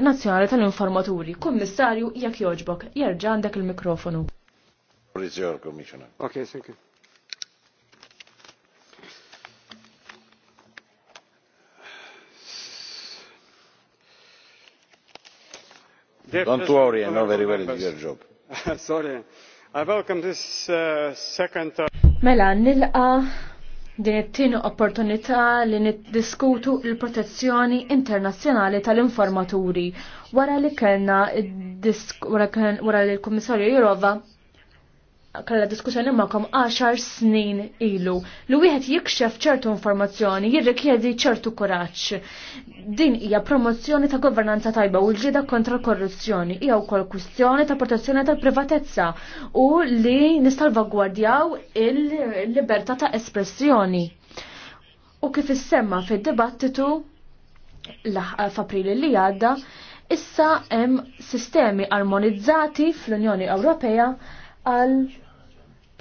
Nazzjonali tal-Informaturi, Kummissarju jekk joġbok, jerġa' għandek il-mikrofonu. Rizjor, Okay, thank you. Don't worry, I know very well your job. Sorry. I welcome this uh, second... Uh... Mela, nilqa din it-tieni opportunità li niddiskutu l-protezzjoni internazzjonali tal-informaturi wara li kellna wara li l-Kummissarju Jirova? kalla diskussjoni ma'kom 10 snin ilu. Li wieħed jikxef ċertu informazzjoni jirrikjedi ċertu kuraġġ. Din hija promozzjoni ta' governanza tajba u l-ġida kontra korruzzjoni. Hija wkoll kwistjoni ta' protezzjoni tal-privatezza u li nistalvagwardjaw il-libertà ta' espressjoni. U kif issemma fid-dibattitu f'April li għadda, issa hemm sistemi armonizzati fl-Unjoni Ewropea għal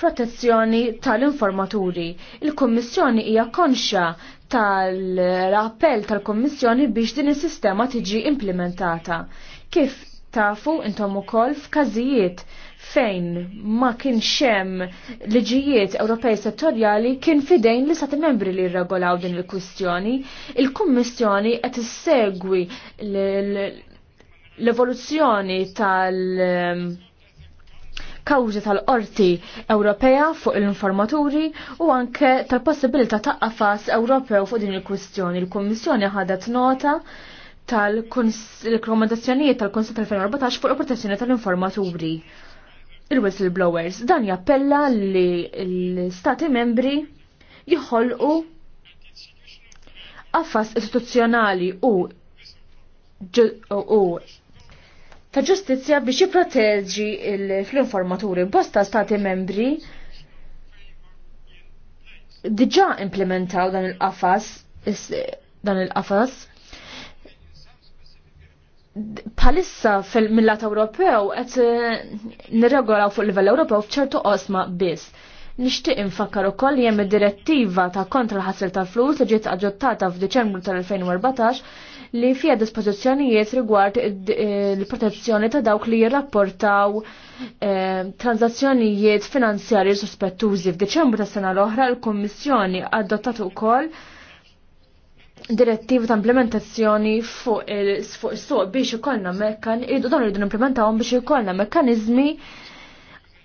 protezzjoni tal-informaturi. Il-Kommissjoni hija konxja tal-appell tal-Kommissjoni biex din is-sistema tiġi implementata. Kif tafu intom ukoll f'każijiet fejn ma kienx hemm liġijiet Ewropej settorjali kien fidejn li stati membri li jirregolaw din il-kwistjoni, il-Kummissjoni qed issegwi l-evoluzzjoni tal- kawġi tal-qorti Ewropea fuq l-informaturi u anke tal-possibilità ta' qafas Ewropew fuq din il-kwistjoni. Il-Kummissjoni ħadet nota tal-rekomendazzjonijiet tal-Konsil tal-2014 fuq il-protezzjoni tal-informaturi. Il-whistleblowers dan jappella li l-Stati membri jħolqu affas istituzzjonali u u ta' ġustizzja biex jipproteġi l-informaturi bosta stati membri diġa implementaw dan il-qafas dan il-qafas palissa fil-millat Ewropew qed eh, nirregolaw fuq livell Ewropew f'ċertu qosma biss. Nixtieq infakkar ukoll li hemm id-direttiva ta' kontra l-ħasil tal-flus li ġiet aġġottata f'Diċembru tal-2014 li fija dispożizzjonijiet rigward il-protezzjoni eh, ta' dawk li jirrapportaw eh, transazzjonijiet finanzjarji sospettużi. F'Deċembru ta' sena l-oħra l-Kommissjoni adottat ukoll direttiva ta' implementazzjoni fuq il-suq biex ikollna mekkan, id-dan eh, irridu implementawhom biex ikollna mekkanizmi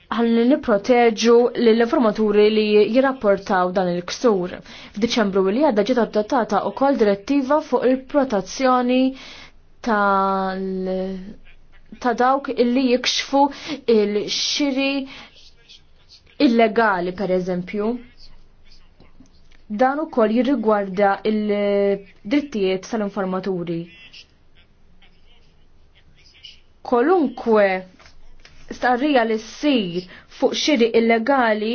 ħalli niproteġu l-informaturi li jirrapportaw dan il-ksur. F'Diċembru li għadda ġiet adottata wkoll direttiva fuq il-protezzjoni ta' dawk illi jikxfu il-xiri illegali per eżempju. Dan ukoll jirrigwarda il-drittijiet tal-informaturi. Kolunkwe starrija li ssir fuq xiri illegali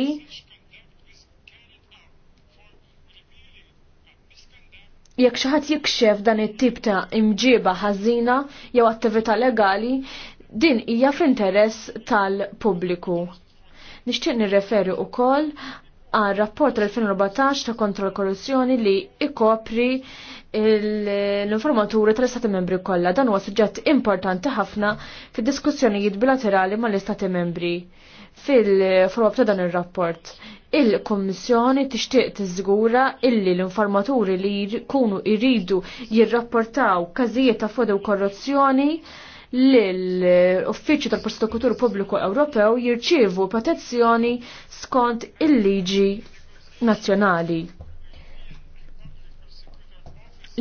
jekk xi ħadd jikxef dan it-tip ta' imġiba ħażina jew attività legali, din hija f'interess tal-pubbliku. Nixtieq nirreferi wkoll għal rapport tal-2014 ta' kontra l-korruzzjoni li ikopri l-informaturi tal-Istati membri kollha. Dan huwa suġġett importanti ħafna fid-diskussjonijiet bilaterali mal-Istati membri fil-forwab ta' dan ir-rapport. Il-Kommissjoni tixtieq tiżgura illi l-informaturi li jkunu jridu jirrapportaw każijiet ta' fodew korruzzjoni l-Uffiċċju tal prostokutur Pubbliku Ewropew jirċievu protezzjoni skont il-liġi nazzjonali.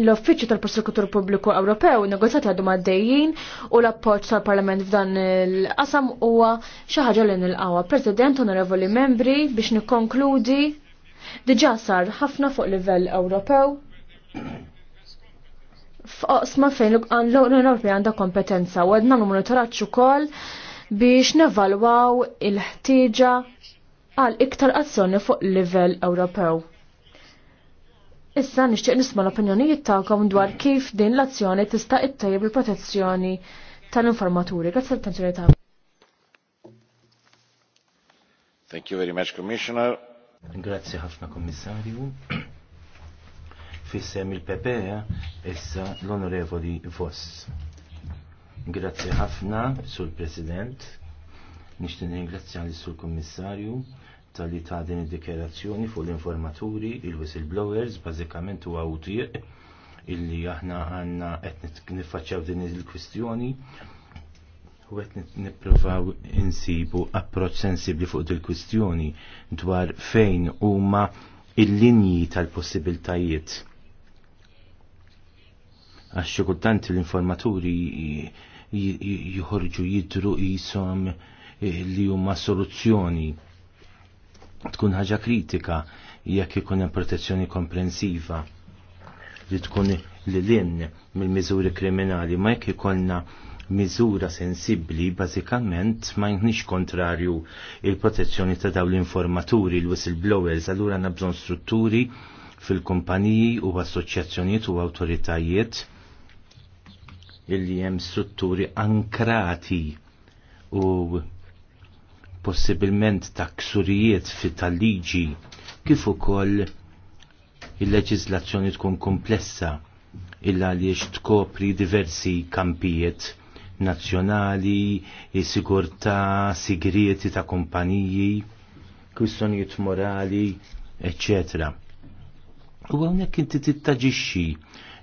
L-Uffiċċju tal-Prosekutur Pubbliku Ewropew negozjati għadu għaddejjin u l-appoġġ tal-Parlament f'dan il-qasam huwa xi ħaġa li nilqawha. President, onorevoli membri, biex nikkonkludi diġà sar ħafna fuq livell Ewropew f'oqsma fejn l-Unjoni Ewropea għandha kompetenza u għedna l-monitoraġġ ukoll biex nevalwaw il-ħtieġa għal iktar azzjoni fuq livell Ewropew. Issa nixtieq nisma' l-opinjonijiet tagħkom dwar kif din l-azzjoni tista' ittejjeb il-protezzjoni tal-informaturi. Grazzi l-attenzjoni tagħkom. Thank you very much, Commissioner. Grazie ħafna, Kommissarju fissem il-PPE issa l-Onorevoli Voss. Grazzi ħafna sul President, nixtin ringrazzja li sul Kommissarju tal-li ta' din id-dikjerazzjoni fuq l-informaturi, il-whistleblowers, bażikament huwa utieq illi aħna għanna qed nifaċċaw din il-kwistjoni u qed nippruvaw insibu approċċ sensibbli fuq din il-kwistjoni dwar fejn huma il-linji tal-possibiltajiet għax kultant l-informaturi jħorġu jidru jisom eh, li huma soluzzjoni tkun ħaġa kritika jekk ikun hemm protezzjoni komprensiva li tkun li lin mill-miżuri kriminali ma jekk ikollna miżura sensibbli bażikament ma jinkniex kontrarju il-protezzjoni ta' dawn l-informaturi l-whistleblowers allura nabżon strutturi fil-kumpaniji u assoċjazzjonijiet u awtoritajiet illi hemm strutturi ankrati u possibilment ta' ksurijiet fit tal-liġi kif ukoll il-leġiżlazzjoni tkun komplessa illa għaliex tkopri diversi kampijiet nazzjonali, sigurtà, sigrieti ta' kumpaniji, kwistjonijiet morali, eccetera. U għonek inti tittaġixxi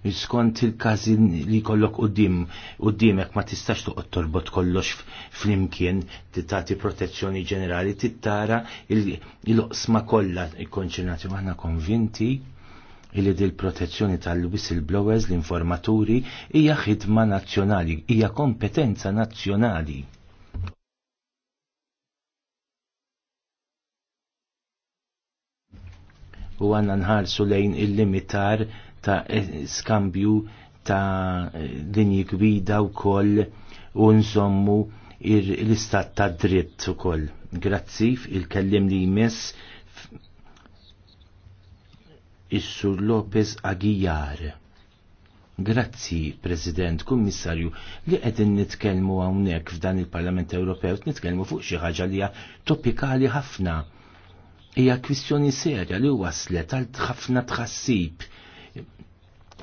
skont il-każi li kollok qudiem qudiemek ma tistax toqgħod torbot kollox flimkien titati protezzjoni ġenerali tittara il-oqsma kollha ikkonċernati maħna konvinti illi dil protezzjoni tal-whistleblowers, l-informaturi, hija ħidma nazzjonali, hija kompetenza nazzjonali. U għanna nħarsu lejn il-limitar ta' skambju ta' linji gwida u koll u nżommu l-istat ta' dritt u koll. Grazzi il-kellim li jmiss Is-Sur Lopez Aguilar. Grazzi, President, Kummissarju, li qegħdin nitkellmu hawnhekk f'dan il-Parlament Ewropew nitkelmu fuq xi ħaġa li hija topikali ħafna. Hija kwistjoni serja li waslet għal ħafna tħassib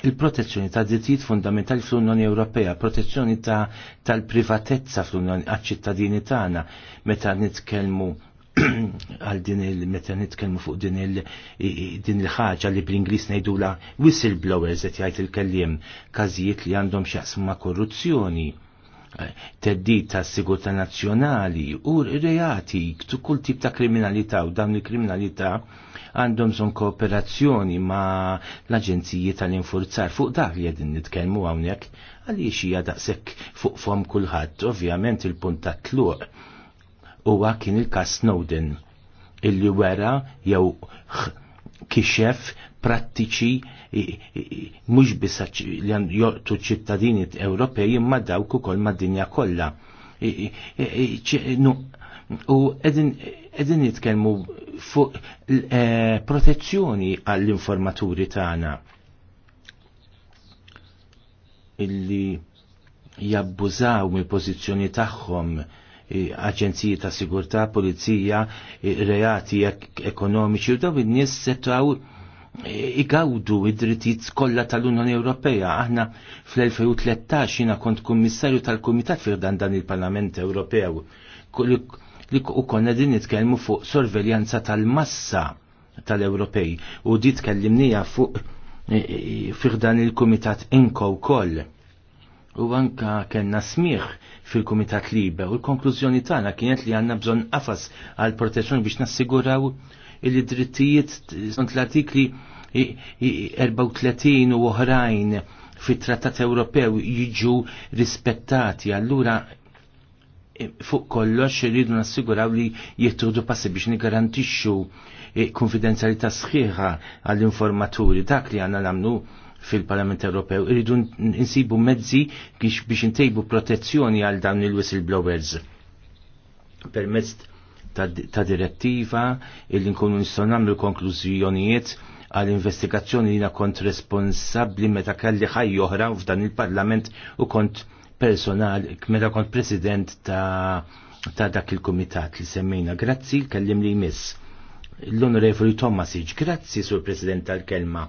il-protezzjoni ta' drittijiet fundamentali fl-Unjoni Ewropea, protezzjoni ta' tal-privatezza fl-Unjoni għaċ-ċittadini tagħna meta nitkellmu għal din il meta nitkellmu fuq din il din il-ħaġa li bl-Ingliż ngħidula whistleblowers qed jgħid il-kelliem każijiet li għandhom x'jaqsmu ma' korruzzjoni teddit ta' sigurta nazzjonali u reati kull tip ta' kriminalità u dawn il-kriminalità għandhom son kooperazzjoni ma' l-Aġenziji tal-Infurzar fuq dak li għedin nitkellmu hawnhekk għaliex hija daqshekk fuq fom kulħadd, ovvjament il-punt ta' tluq huwa kien il-kas Snowden illi wera jew kixef prattiċi mhux biss li joqtu ċittadini Ewropej imma dawk ukoll mad-dinja kollha. U edin nitkellmu fuq eh, protezzjoni għall-informaturi tagħna illi jabbużaw mi pożizzjoni tagħhom aġenziji ta' sigurtà, pulizija, reati ek ekonomiċi u daw in-nies setgħu igawdu id-drittijiet kollha tal-Unjoni Ewropea. Aħna fl-2013 jiena kont kummissarju tal-Kumitat firdan dan il-Parlament Ewropew li u konna din nitkellmu fuq sorveljanza tal-massa tal-Ewropej u di tkellimnija fuq e, e, firdan il-Kumitat inko wkoll. U anka kellna smigħ fil-Kumitat Libe u l-konklużjoni tagħna kienet li għandna bżonn qafas għal protezzjoni biex nassiguraw il-drittijiet skont l-artikli 34 u oħrajn fit-Trattat Ewropew jiġu rispettati, allura e, fuq kollox iridu nassiguraw li jittudu passi biex nigarantixxu e, konfidenzjalità sħiħa għall-informaturi dak li għandna nagħmlu fil-Parlament Ewropew iridu insibu mezzi biex biex intejbu protezzjoni għal dawn il-whistleblowers permezz ta' direttiva illi nkunu nistgħu nagħmlu konklużjonijiet għal investigazzjoni li kont responsabbli meta kelli ħaj oħra f'dan il-Parlament u kont personal meta kont president ta' ta' dak il-kumitat li semmejna. Grazzi kellim li jmiss. L-Onorevoli iġ, grazzi sur President tal-kelma.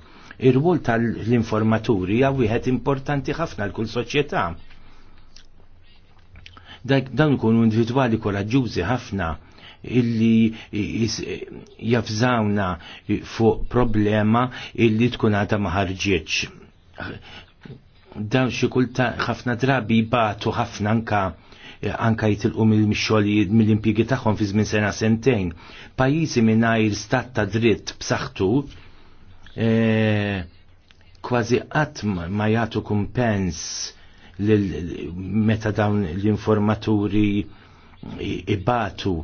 Ir-rwol tal-informaturi għaw wieħed importanti ħafna l-kull soċjetà dan ikunu individwali koraġġużi ħafna illi jafżawna fuq problema illi tkun għadha ma ħarġitx. Dawn xi kulta ħafna drabi batu ħafna anka anka jitilqu mill-mixxoli mill-impjegi tagħhom fi żmien sena sentejn. Pajjiżi mingħajr stat ta' dritt b'saħħtu e, kważi qatt ma jagħtu kumpens meta dawn l-informaturi ibatu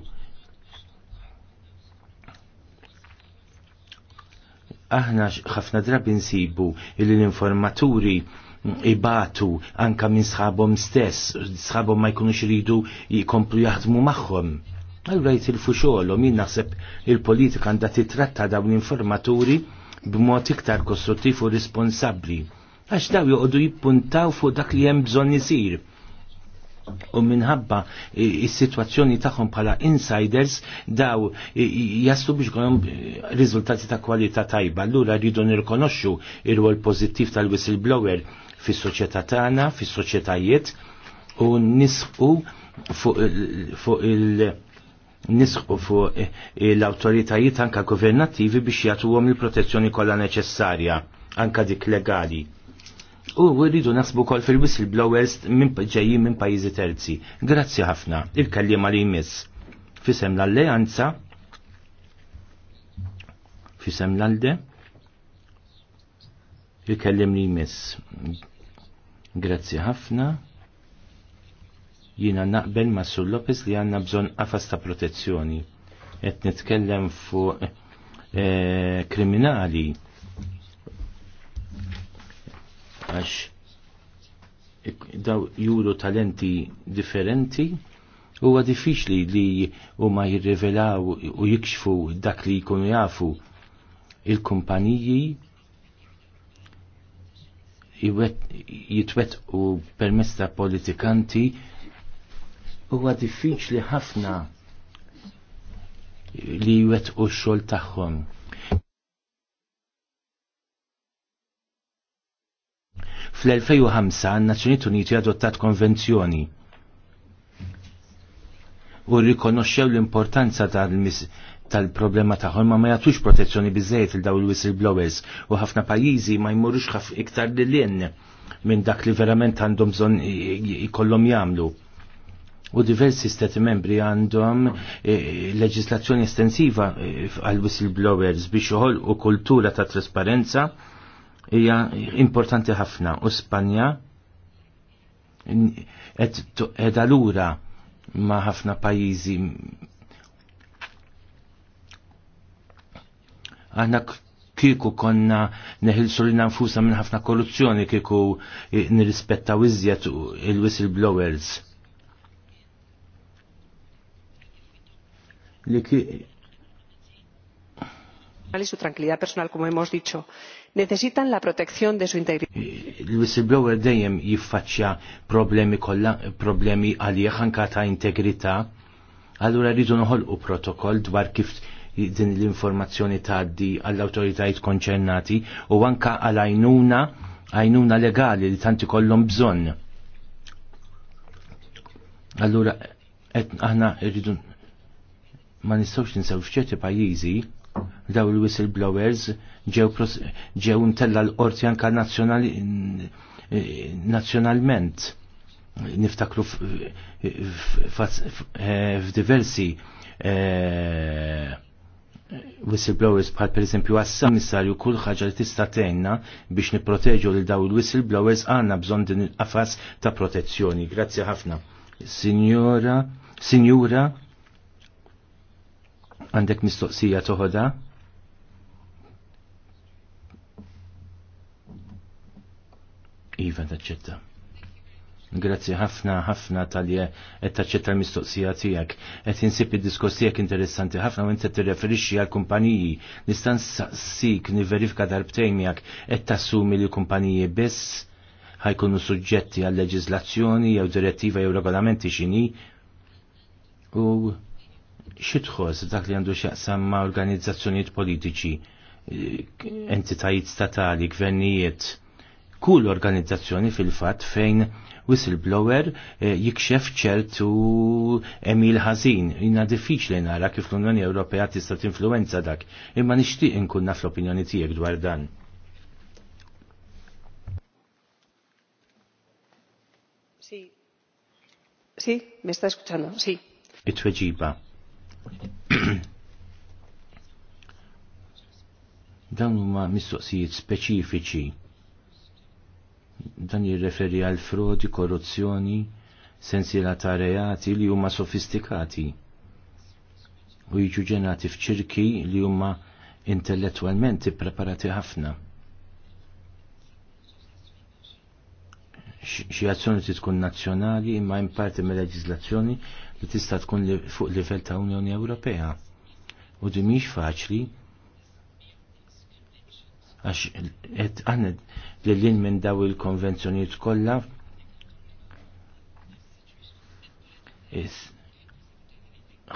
Aħna ħafna drabi nsibu li l-informaturi ibatu anka minn sħabhom stess, sħabhom ma jkunux iridu jkomplu jaħdmu magħhom. Allura jitilfu xogħolhom jien naħseb il-politika għandha titratta dawn l-informaturi b'mod iktar kostruttiv u responsabbli għax daw joqogħdu jippuntaw fuq dak li hemm bżonn isir u minħabba il-situazzjoni tagħhom bħala insiders daw jaslu biex għom eh, riżultati ta' kwalità tajba. Allura rridu nirkonoxxu ir wol pożittiv tal-whistleblower fis-soċjetà tagħna, fis-soċjetajiet u nisqu fuq il- nisqu fuq eh, l-autoritajiet anka governattivi biex jagħtuhom il-protezzjoni kollha neċessarja anka dik legali. U rridu nasbu kol fil il-blowers minn ġejjin minn pajjiżi terzi. Grazzi ħafna, il-kallima li jmiss. Fisem l-alleanza, fisem l-alde, il-kellim li jmiss. Grazzi ħafna jina naqbel ma' Sur Lopez li għanna bżon għafas ta' protezzjoni. Et nitkellem fuq e, kriminali għax daw juru talenti differenti huwa diffiċli li huma jirrivelaw u jikxfu dak li jkunu jafu il-kumpaniji jitwet u permesta ta' politikanti huwa diffiċli ħafna li jwet u xol tagħhom. Fl-2005 n-Nazzjonijiet Uniti adottat konvenzjoni u rikonoxxew l-importanza tal-problema tagħhom ma ma jagħtux protezzjoni biżejjed il daw il-whistleblowers u ħafna pajjiżi ma jmurux ħaf iktar lilien minn dak li verament għandhom bżonn ikollhom jagħmlu. U diversi stati membri għandhom e, e, leġislazzjoni estensiva e, għal whistleblowers biex joħolqu kultura ta' trasparenza hija importanti ħafna u Spanja qed allura ma' ħafna pajjiżi aħna kieku konna neħilsu li nfusa minn ħafna korruzzjoni kieku nirrispettaw iżjed il-whistleblowers. Li ki... su tranquilidad personal, como hemos dicho necesitan la protezzjon de su integrità. Il-whistleblower dejjem jiffaċċja problemi kollha problemi għalih anke ta' integrità. Allura rridu noħolqu protokoll dwar kif din l-informazzjoni tgħaddi għall-awtoritajiet konċernati u anke għal għajnuna għajnuna legali li tanti kollhom bżonn. Allura aħna rridu ma nistgħux ninsew f'ċerti pajjiżi daw il-whistleblowers ġew ntella l-qorti anka eh, nazzjonalment. Niftakru eh, f'diversi eh, whistleblowers bħal per eżempju għassa missarju kull ħaġa li tista' tgħinna biex nipproteġu lil daw il-whistleblowers għandna bżonn din il-qafas ta' protezzjoni. Grazzi ħafna. Signora, Signora, għandek mistoqsija toħoda. Iva taċċetta. Grazzi ħafna ħafna tal-li qed taċċetta l-mistoqsija tiegħek. Qed insib id-diskors tiegħek interessanti ħafna u inti tirreferixxi għal kumpaniji. Nista' nsaqsik niverifika darbtejn miegħek qed tassumi li kumpaniji biss ħajkunu suġġetti għal leġiżlazzjoni jew direttiva jew regolamenti x'inhi u xitħos dak li għandu xaqsam ma' organizzazzjonijiet politiċi, eh, entitajiet statali, gvernijiet, kull organizzazzjoni fil-fat fejn whistleblower eh, jikxef ċertu emil ħażin. Inna diffiċli nara kif l-Unjoni Ewropea tista' tinfluwenza dak, imma nixtieq inkun naf l-opinjoni tiegħek dwar dan. Si, si, mi sta escuchando, si. It-tweġiba Dawn huma mistoqsijiet speċifiċi. Dan jirreferi għal frodi, korruzzjoni, sensiela ta' reati li huma sofistikati u jiġu ġenati f'ċirki li huma intellettwalment ippreparati ħafna. xi azzjoni ti tkun nazzjonali imma hemm parti mill-leġiżlazzjoni li tista' tkun fuq livell ta' Unjoni Ewropea. U di mhix faċli għax qed għanet li l minn daw il-konvenzjonijiet kollha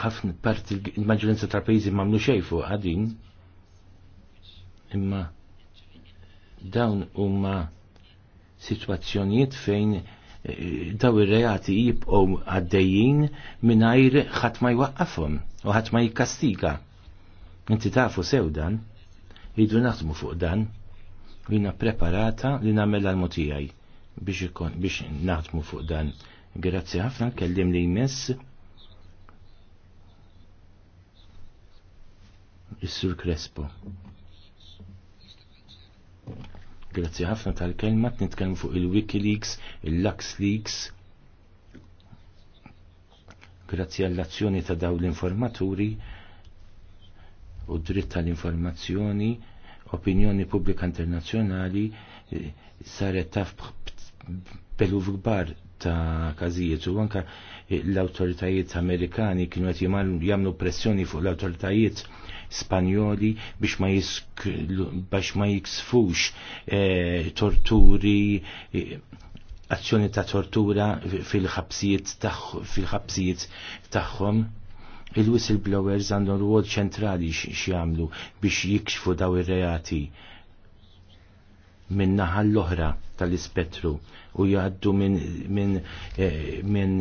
ħafna parti il-maġġoranza tal-pajjiżi m'għamlu xejn fuq għadin imma dawn huma sitwazzjonijiet fejn eh, daw ir-reati jibqgħu għaddejjin mingħajr ħadd ma jwaqqafhom u ħadd ma jikkastiga. Inti tafu sew dan. Ridu naħdmu fuq dan u jina preparata li namel għal-motijaj biex, biex naħdmu fuq dan. Grazzi ħafna, kellim li jmess. Is-Sur Crespo. Grazzi ħafna tal-kelma, nitkellmu fuq il-Wikileaks, il luxleaks Grazzi għall-azzjoni ta' daw l-informaturi u dritt tal-informazzjoni, opinjoni pubblika internazzjonali eh, saret taf pelu gbar ta' kazijiet u anka eh, l-autoritajiet amerikani kienu għet jamlu pressjoni fuq l-autoritajiet spanjoli biex ma, jisk, biex ma jiksfux e, torturi e, azzjoni ta' tortura fil-ħabsijiet tagħhom fil Il-whistleblowers għandhom rwol ċentrali xiamlu biex jikxfu daw ir-reati minn naħa l-oħra tal-ispettru u jgħaddu minn min, eh, min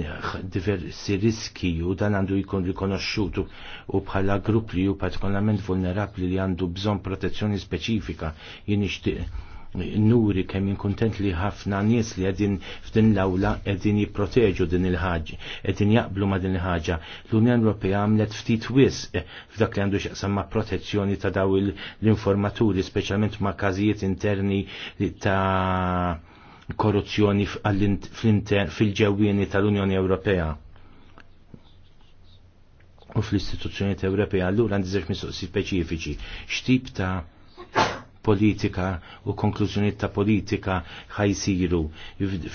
diversi riski u dan għandu jkun rikonoxxut u bħala grupp li ju partikolarment vulnerabli li għandu bżon protezzjoni speċifika jien ixtieq nuri kemm inkontent li ħafna nies li qegħdin f'din l-awla qegħdin jipproteġu din il-ħaġa, qegħdin jaqblu ma' din il-ħaġa. L-Unjoni Ewropea għamlet ftit wisq eh, f'dak li għandu x'aqsam ma' protezzjoni ta' daw l-informaturi, speċjalment ma' każijiet interni ta' korruzzjoni fil-ġewwieni tal-Unjoni Ewropea u fl istituzzjonijiet Ewropea allura għandi żewġ mistoqsijiet speċifiċi. X'tip ta' politika u konklużjoniet ta' politika ħajsiru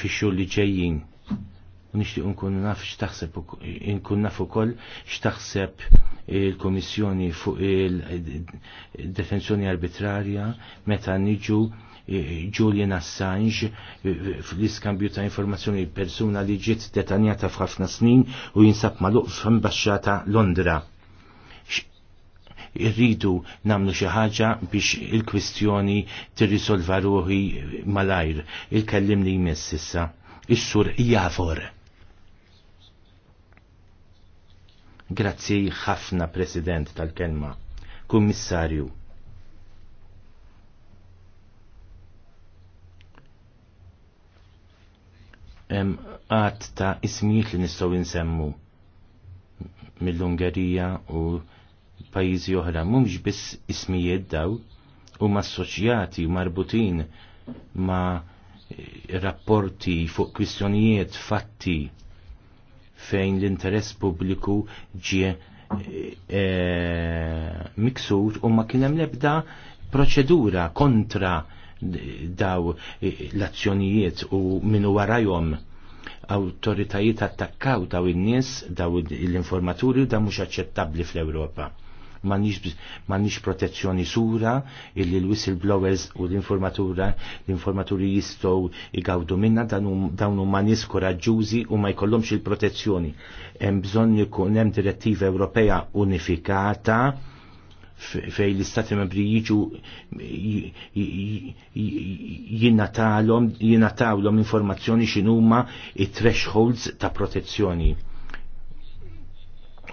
fix xogħol li ġejjin. U nixtieq nkun naf x'taħseb nkun naf ukoll x'taħseb il-Komissjoni fuq il-Detenzjoni Arbitrarja meta niġu e, Julian Assange e, fl-iskambju ta' informazzjoni persuna li ġiet detanjata f'ħafna snin u jinsab maluq f'ambasċata Londra irridu namlu xi ħaġa biex il-kwistjoni tirrisolva ruħi malajr. il kellimni li jmiss issa. Is-sur Jafor. Grazzi ħafna President tal-kelma. Kummissarju. għat ta' ismijiet li nistaw insemmu mill-Ungerija u pajizi oħra mhumiex biss ismijiet daw u assoċjati u marbutin ma' eh, rapporti fuq kwistjonijiet fatti fejn l-interess pubbliku ġie e, miksur u ma kien hemm l-ebda proċedura kontra daw l-azzjonijiet u minu warajom autoritajiet attakkaw daw in-nies, daw l-informaturi u da mhux aċċettabbli fl-Ewropa m'għandniex protezzjoni sura illi l-whistleblowers u l-informatura l-informaturi jistgħu igawdu minna dawn huma nies koraġġużi u ma jkollhomx il-protezzjoni. Hemm bżonn ikun hemm direttiva Ewropea unifikata fej l-istati membri jiġu jinnatawlom informazzjoni xinuma i thresholds ta' protezzjoni.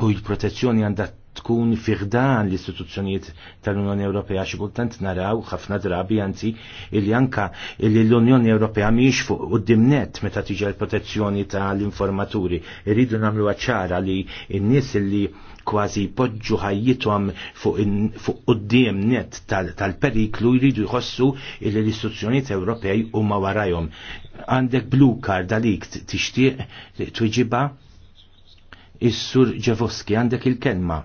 U l-protezzjoni għandha tkun fiħdan l-istituzzjonijiet tal-Unjoni Ewropea xi kultant naraw ħafna drabi anzi illi anka illi l-Unjoni Ewropea mhix fuq quddiem net meta tiġi l-protezzjoni tal-informaturi. Irridu nagħmlu ċara li n-nies illi kważi poġġu ħajjithom fuq quddiem net tal-periklu jridu jħossu illi l-istituzzjonijiet Ewropej huma warajhom. Għandek blu card għalik tixtieq twiġiba? Is-sur Ġevoski għandek il-kelma.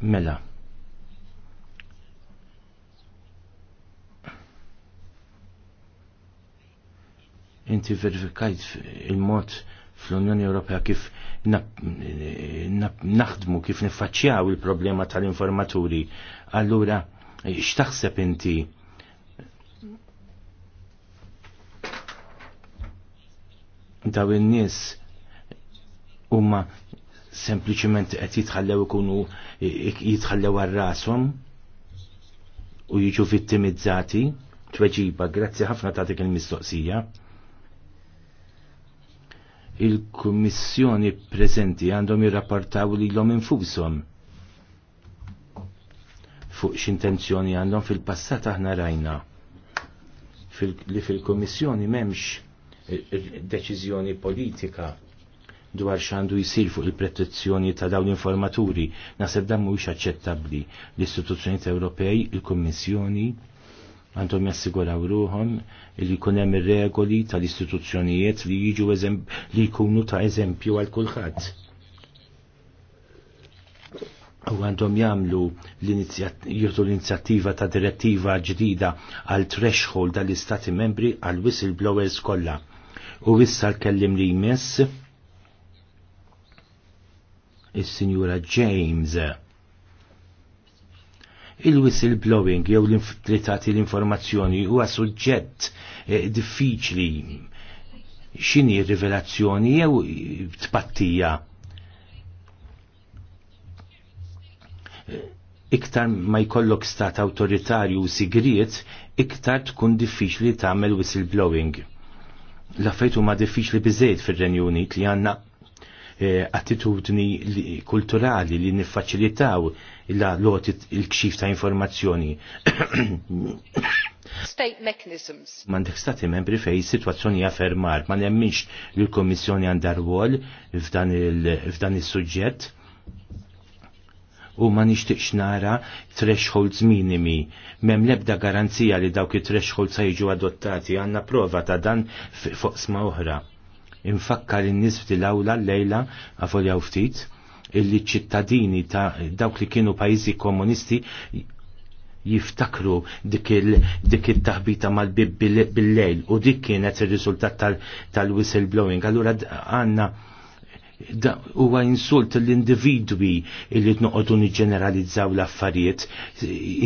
Mela. Inti verifikajt il-mod fl-Unjoni Ewropea kif naħdmu, kif nifacċjaw il-problema tal-informaturi. Allura, x'taħseb inti daw in-nies huma sempliciment qed jitħallew ikunu jitħallew għar rashom u jiġu vittimizzati tweġiba grazzi ħafna ta' dik il-mistoqsija. Il-Kummissjoni preżenti għandhom jirrapportaw lilhom infushom fuq x'intenzjoni għandhom fil-passat aħna rajna li fil-Kummissjoni m'hemmx eh, deċiżjoni politika dwar xandu jisir fuq il-protezzjoni ta' dawn l-informaturi. Naseb dan mhuwiex aċċettabbli. L-istituzzjonijiet Ewropej, il-Kummissjoni, għandhom jassiguraw ruhom li jkun hemm ir-regoli tal-istituzzjonijiet li jiġu li jkunu ta' eżempju għal kulħadd. U għandhom jagħmlu l-inizjattiva ta' direttiva ġdida għal threshold tal istati membri għal whistleblowers kollha. U issa l-kellim li jmiss is-Sinjura James. Il-whistleblowing jew l-infiltrati l-informazzjoni huwa suġġett eh, diffiċli x'inhi rivelazzjoni jew tpattija. Iktar ma jkollok stat awtoritarju sigriet, iktar tkun diffiċli tagħmel whistleblowing. L-affejt huma diffiċli biżejt fir-Renju Unit li għandna attitudni kulturali li niffaċilitaw l lotit il-kxif ta' informazzjoni. State mechanisms. Mandek stati membri fej situazzjoni affermar, ma nemminx li l-Komissjoni għandar wol f'dan il suġġett u ma nixtiqx nara thresholds minimi. Mem lebda garanzija li dawk it-thresholds jiġu adottati għanna prova ta' dan fuq sma oħra infakkar in-nies l awla l-lejla għafoljaw ftit illi ċittadini ta' dawk li kienu pajjiżi komunisti jiftakru dik il-taħbita mal-bib bil-lejl u dik kienet il-riżultat tal-whistleblowing. Allura għanna huwa insult l-individwi li noqogħdu niġġeneralizzaw l-affarijiet,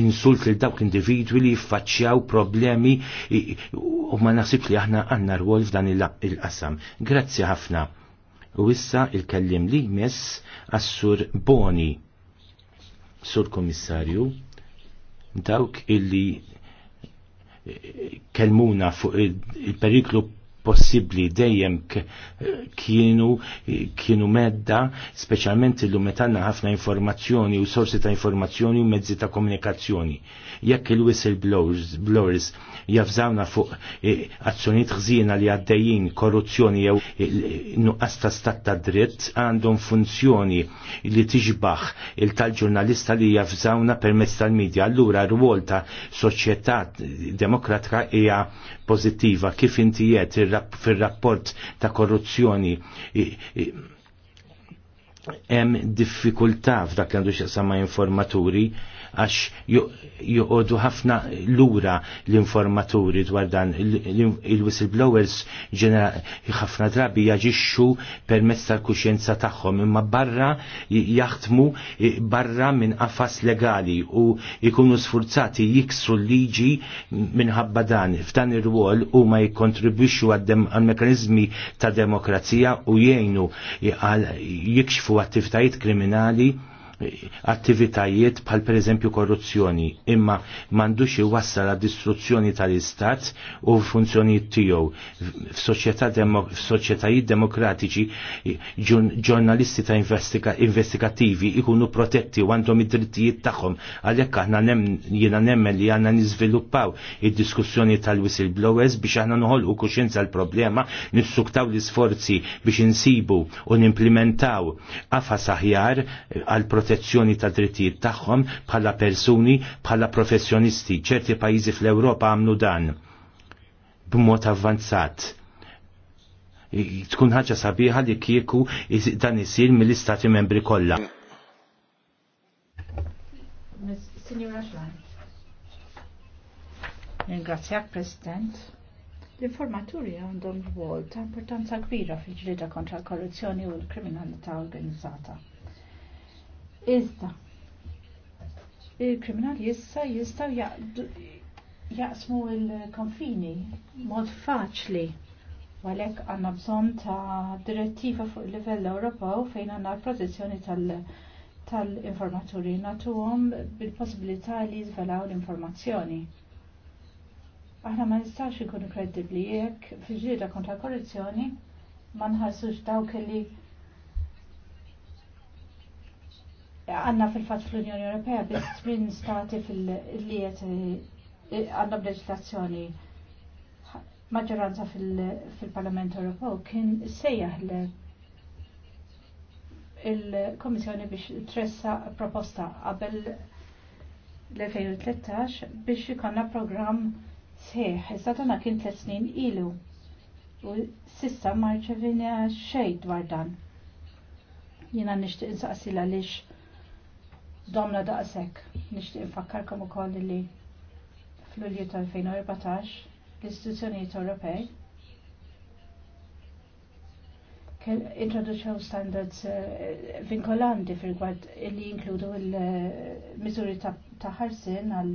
insult lil dawk individwi li jiffaċċjaw problemi u ma naħsibx li aħna għandna rwol f'dan il-qasam. Grazzi ħafna. U issa il-kellim li mess għas-sur Boni, sur Komissarju, dawk illi eh, kelmuna fuq il-periklu il periklu possibbli dejjem kienu kienu medda, speċjalment illum meta ħafna informazzjoni u sorsi ta' informazzjoni u mezzi ta' komunikazzjoni. Jekk il-whistleblowers jafżawna fuq e, azzjonijiet ħżiena li għaddejjin korruzzjoni jew e, nuqqas ta' stat ta' dritt għandhom funzjoni li tiġbaħ il-tal-ġurnalista li jafżawna permezz tal-medja. Allura rwol ta' soċjetà demokratika hija pożittiva kif inti ir fil-rapport ta' korruzzjoni hemm diffikultà f'dak li għandu x'jaqsam ma' informaturi għax juqodu ħafna lura l-informaturi dwar dan il-whistleblowers ħafna drabi jaġixxu permezz tal-kuxjenza tagħhom imma barra jaħdmu barra minn qafas legali u jkunu sfurzati jiksru l-liġi minħabba dan f'dan ir-rwol u ma jikkontribwixxu għal-mekanizmi ta' demokrazija u jgħinu jikxfu attivitajiet kriminali attivitajiet bħal per eżempju korruzzjoni, imma mandux iwassal la distruzzjoni tal-istat u funzjonijiet tiegħu f'soċjetajiet demokratiċi ġurnalisti ta' investigativi ikunu protetti u għandhom id-drittijiet tagħhom għalhekk aħna jiena nemmen li għandna niżviluppaw id-diskussjoni tal-whistleblowers biex aħna noħolqu kuxjenza l-problema, nissuktaw l-isforzi biex insibu u nimplementaw qafa saħjar għal protetti protezzjoni ta' drittijiet tagħhom bħala persuni, bħala professjonisti. ċerti pajjiżi fl-Ewropa għamlu dan b'mod avvanzat. Tkun ħaġa sabiħa li kieku dan isir mill-istati membri kollha. Signora Ringrazzjak, President. L-informaturi għandhom rwol ta' importanza kbira fil-ġlida kontra l-korruzzjoni u l-kriminalità organizzata. Iżda, il-kriminali jissa jistaw jaqsmu il-konfini mod faċli. Walek għanna bżon ta' direttiva fuq il-livella livell Ewropew fejn għanna protezzjoni tal-informaturi tal bil-possibilità li jizvelaw l-informazzjoni. Aħna ma nistax ikunu kredibli jekk fiġġieda kontra korruzzjoni ma nħassux dawk li għanna fil-fat fl-Unjoni Ewropea biss tmin stati fil-liet eh, għanna b'leġislazzjoni maġġoranza fil-Parlament Ewropew kien sejjaħ il-Komissjoni biex tressa proposta qabel l-2013 biex ikonna program sħiħ. Iżda kien tliet snin ilu u sissa marċevina xejn dwar dan. Jiena nixtieq insaqsila għaliex domna daqsek. Nishtiq infakkarkom ukoll li fl-Ulju tal-2014 l-istituzzjonijiet Ewropej introduċew standards eh, vinkolanti fil-gwad li jinkludu l mizuri ta' ħarsin għal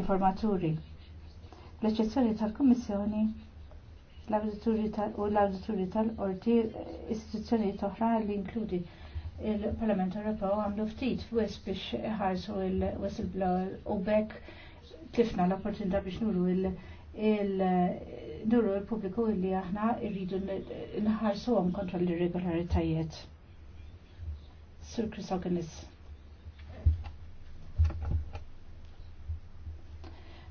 informaturi. L-eċezzjoni tal kummissjoni l-Awdituri u l-Awdituri tal-Orti, eh, istituzzjoni toħra li jinkludi il-Parlament Ewropew għamlu ftit f'wess biex ħarsu il-whistleblower u bekk tifna l-opportunità biex nuru il- nuru l-pubbliku illi aħna rridu nħarsu għom kontra l-irregolaritajiet. Sur Chrysogonis.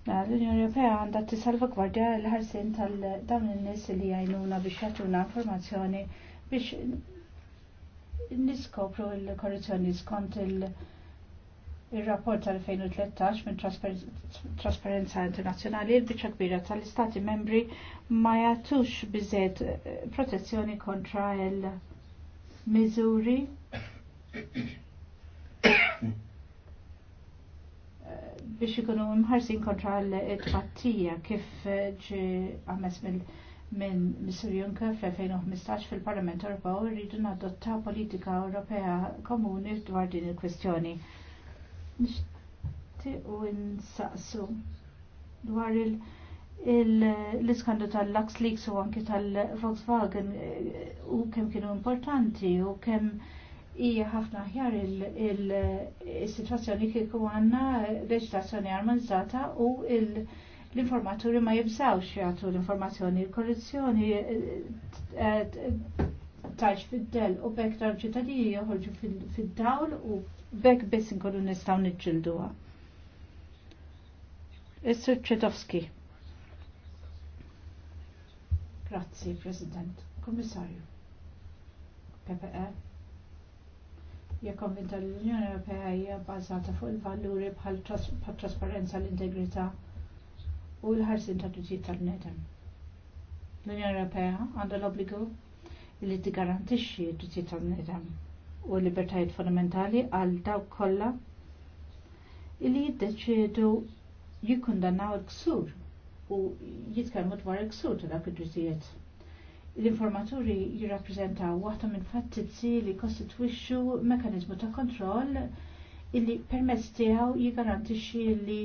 L-Unjoni Ewropea għandha tissalvagwardja l-ħarsien tal-dawn in-nies li jgħinuna biex jagħtuna informazzjoni biex niskopru l-korruzzjoni skont il-rapport tal-2013 minn Trasparenza Internazzjonali il-biċċa kbira tal-Istati membri ma jagħtux biżed eh, protezzjoni kontra il mizuri eh, biex ikunu mħarsin kontra l-tfattija kif eh, ġi għames mill- minn Mr. Juncker fl-2015 fil-Parlament Ewropew rridu nadotta politika Ewropea komuni dwar din il-kwestjoni. Nixtiequ nsaqsu dwar il- l-iskandu tal-Lux Leaks u anki tal-Volkswagen eh, u kem kienu importanti u kem hija ħafna ħjar il-situazzjoni kieku għanna leġislazzjoni armonizzata u il-, il l-informaturi ma jibżawx jagħtu l-informazzjoni, il-korruzzjoni eh, eh, taċ fid-del u bekk tal-ċittadini joħorġu fid-dawl u bekk biss inkunu nistgħu niġġilduha. is Ċetowski. Grazzi, President. Kommissarju. PPE Jekk konvinta l-Unjoni Ewropea hija bbażata fuq il-valuri bħal trasparenza l-integrità u l-ħarsin ta' drittijiet tal-bnedem. L-Unjoni Ewropea għandha l-obbligu li t d-drittijiet tal nedem u l-libertajiet fondamentali għal dawk kollha illi jiddeċiedu jikkundannaw il-ksur u jitkellmu dwar il-ksur ta' dak id-drittijiet. L-informaturi jirrappreżentaw waħda minn fattizzi li kostitwixxu mekanizmu ta' kontroll illi permezz tiegħu jiggarantixxi li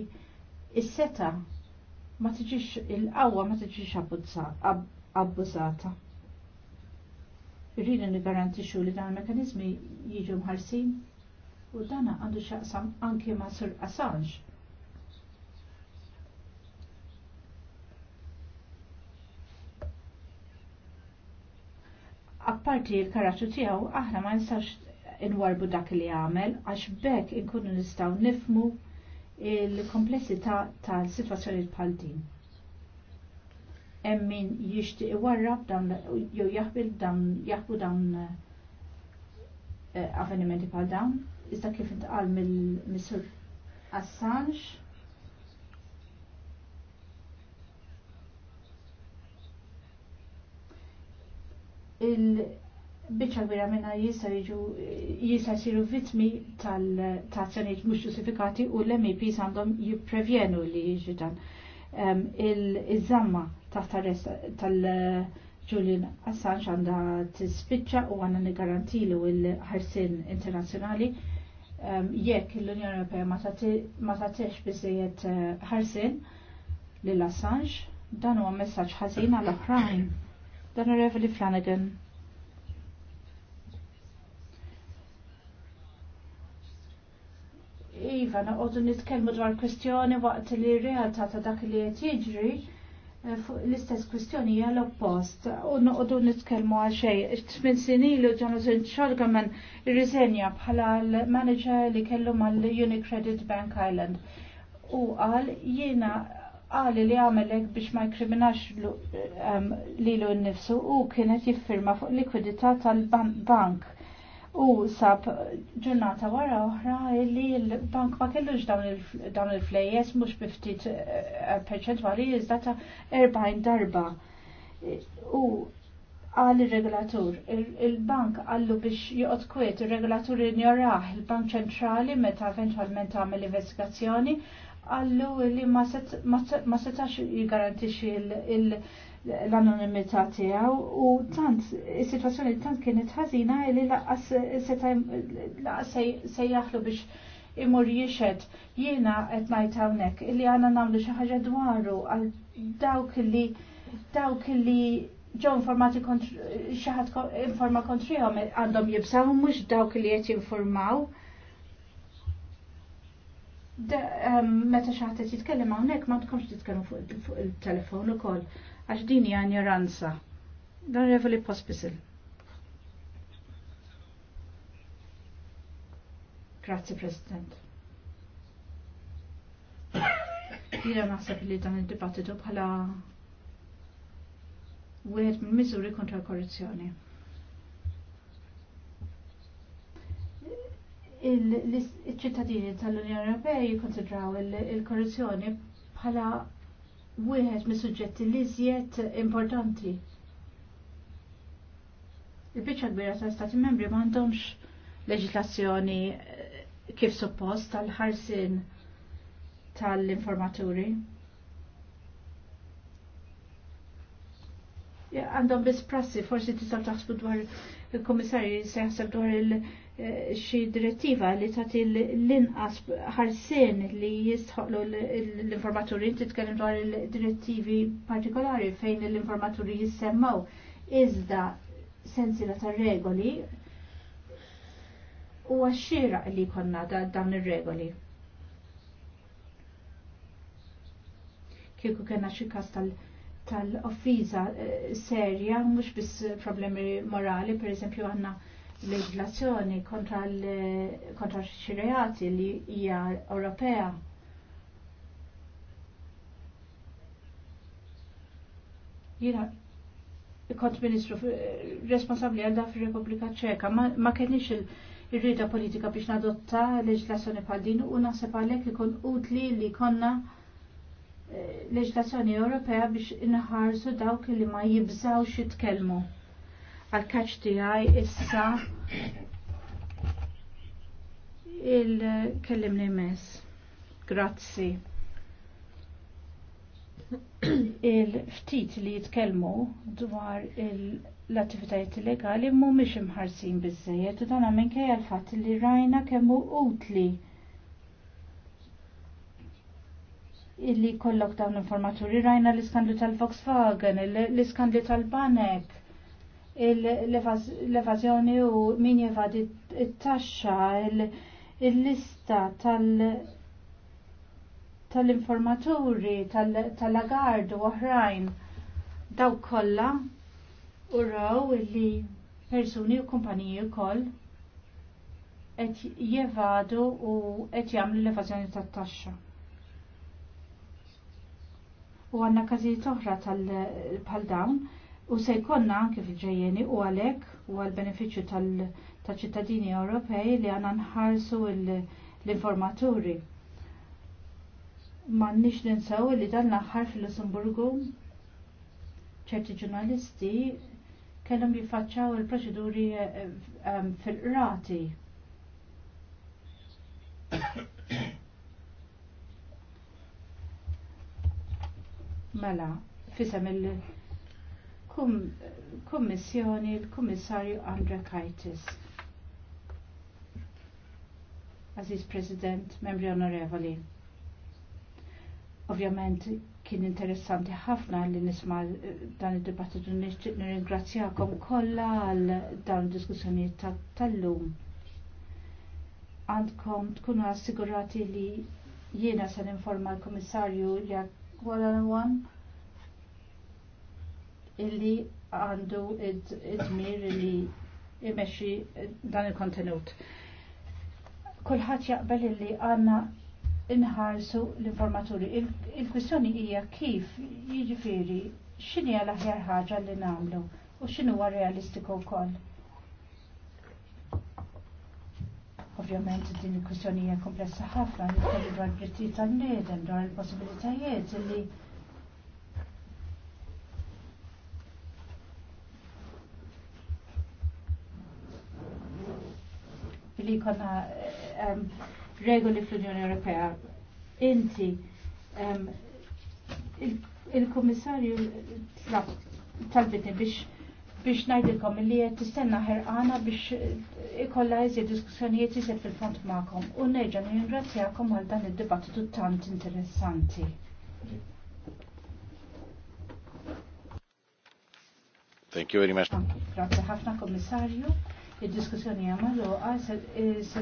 s-seta' ma tiġix il-qawwa ma tiġix abbużata. Irridu nigarantixxu li dan il-mekanizmi jiġu mħarsin u dana għandu xaqsam anke ma' Sir Assange. Apparti l-karaċu tiegħu aħna ma nistax inwarbu dak li għamel għax bekk inkunu nistgħu nifmu il-komplessità tal-situazzjoni bħal din. Emmin min jixtieq iwarrab dan jow jahbil dan jahbu dan eh, avvenimenti bħal dan, iżda kif intqal mill-Misur Assange. il biċa gbira minna jisa jisa siru vitmi tal-tazzjoniet mux ġustifikati u l-MEPs għandhom jiprevjenu li jġidan. dan Il-zamma taħt tal-Julian Assange għanda t-spicċa u għanna nigarantilu il-ħarsin internazjonali jekk l-Unjoni Ewropea ma tatiex bizzejiet eh, ħarsin uh, l-Assange dan huwa messaġġ ħażin għal oħrajn. Dan ir li Flanagan. iva naqogħdu nitkellmu dwar kwestjoni waqt li realtà ta' dak li qed jiġri eh, fuq l-istess kwestjoni hija l-oppost u noqogħdu nitkellmu għal xejn. Tmien sin ilu Jonathan Shulgaman irriżenja bħala l-manager li kellu mal-Unicredit Bank Island u qal jiena qal li għamelek biex ma jkriminax li eh, l-nifsu u kienet jiffirma fuq likwidità tal-bank u sab ġurnata wara oħra li l-bank ma kellux dawn il-flejjes mhux biftit eh, perċentwali iżda ta' 40 darba. U għal il regulatur il-bank għallu biex joqgħod kwiet, il regulatur ignoraħ, il-bank ċentrali meta eventualment għamil investigazzjoni għallu li ma setax jgarantix il-, il, il l-anonimità tiegħu u tant is-sitwazzjoni tant kienet ħażina li laqas seta' laqas se jaħlu biex imur jixed jiena qed ngħid hawnhekk illi għandna nagħmlu xi ħaġa dwaru għal dawk li dawk li ġew informati xi ħadd informa kontrihom għandhom jibsaw mhux dawk li qed jinformaw. Ehm, meta xi ħadd jitkellem hawnhekk ma tkomx titkellem fuq il-telefon ukoll għax din hija ignoranza. Dan reveli pospisil. Grazzi President. Jina naħseb li dan id dibattitu bħala wieħed minn miżuri kontra l-korruzzjoni. Il-ċittadini tal-Unjoni Ewropea jikkonsidraw il-korruzzjoni bħala wieħed mis-suġġetti li żjed importanti. Il-biċċa kbira ta' stati membri m'għandhomx leġislazzjoni eh, kif suppost tal-ħarsin tal-informaturi. Għandhom ja, biss prassi, forsi tista' taħsbu dwar il-komissarju se jaħseb dwar il- Eh, xi direttiva li tagħti l-inqas ħarsien li jistħoqlu l-informaturi titkellem dwar il-direttivi partikolari fejn l-informaturi jissemmaw iżda sensila ta' regoli u għaxxira li konna da dan ir-regoli. Kieku kena xi kas tal- tal-offiza eh, serja, mhux biss problemi morali, per eżempju għanna legislazzjoni kontra x-reati li hija Ewropea. Jina, kont ministru responsabli għal fil-Repubblika Ċeka, ma, kenix il-rida politika biex nadotta leġlazzjoni bħal din u naħseb għalhekk ikun utli li konna eh, leġlazzjoni Ewropea biex inħarsu dawk li ma jibżawx jitkellmu għal-kaċ tijaj issa il-kellim li mes. Grazzi. Il-ftit li jitkelmu dwar l-attivitajiet illegali mhumiex imħarsin biżejjed u dan minkejja l-fatt li rajna kemm hu utli illi kollok dawn informaturi rajna l-iskandlu tal-Volkswagen, l-iskandlu tal-Banek, l-evazjoni u min jevad it-taxxa, il-lista tal-informaturi, tal-lagardu oħrajn daw kollha u raw li persuni u kumpaniji wkoll qed jevadu u qed jagħmlu l-evażjoni tat-taxxa. U għandna każijiet oħra tal bħal dawn U se jkollna anke fil-ġejjeni u għalhekk u għall-benefiċċju tal-ċittadini Ewropej li għandna nħarsu l-informaturi. M'għandniex ninsaw li dan l-aħħar fil-Lussemburgu ċerti ġurnalisti kellhom jiffaċċaw il-proċeduri eh, eh, ehm, fil-qrati. Mela, fisem il- kummissjoni l-Kummissarju Andra Kajtis. Aziz President, membri onorevoli. Ovvjament kien interessanti ħafna li nisma dan id-dibattitu nirringrazzjakom kollha għal dan id-diskussjonijiet tal-lum. Għandkom tkunu assigurati li jiena se informa l-Kummissarju jak one-on-one illi għandu id-dmir illi jimexxi dan il-kontenut. Kulħadd jaqbel illi għandna inħarsu l-informaturi. Il-kwistjoni hija kif jiġifieri x'inhi hija l-aħjar ħaġa li nagħmlu u x'inhu huwa realistiku wkoll. Ovvjament din il-kwistjoni hija komplessa ħafna li dwar id-drittijiet tal-niedem, dwar il-possibilitajiet illi li konna um, regoli fl-Unjoni Ewropea. Inti um, il-Kummissarju il talbitni biex biex najdilkom li qed tistenna ħerqana biex eh, ikolla eżi diskussjonijiet jisir fil-fond magħkom u nerġa' nirringrazzjakom għal dan id-dibattitu tant interessanti. Thank you very much. Grazie ħafna kommissarju il diskussjoni hija magħluqa eh,